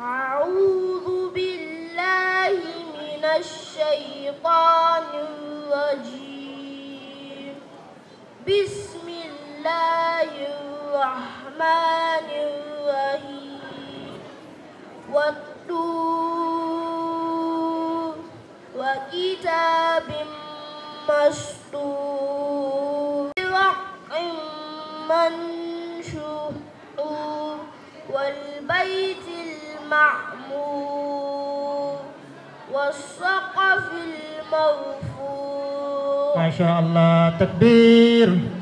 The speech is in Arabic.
أعوذ بالله من الشيطان الرجيم بسم الله الرحمن الرحيم والطور وكتاب مسطور برق منشور والبيت والسقف المرفوع ما شاء الله تكبير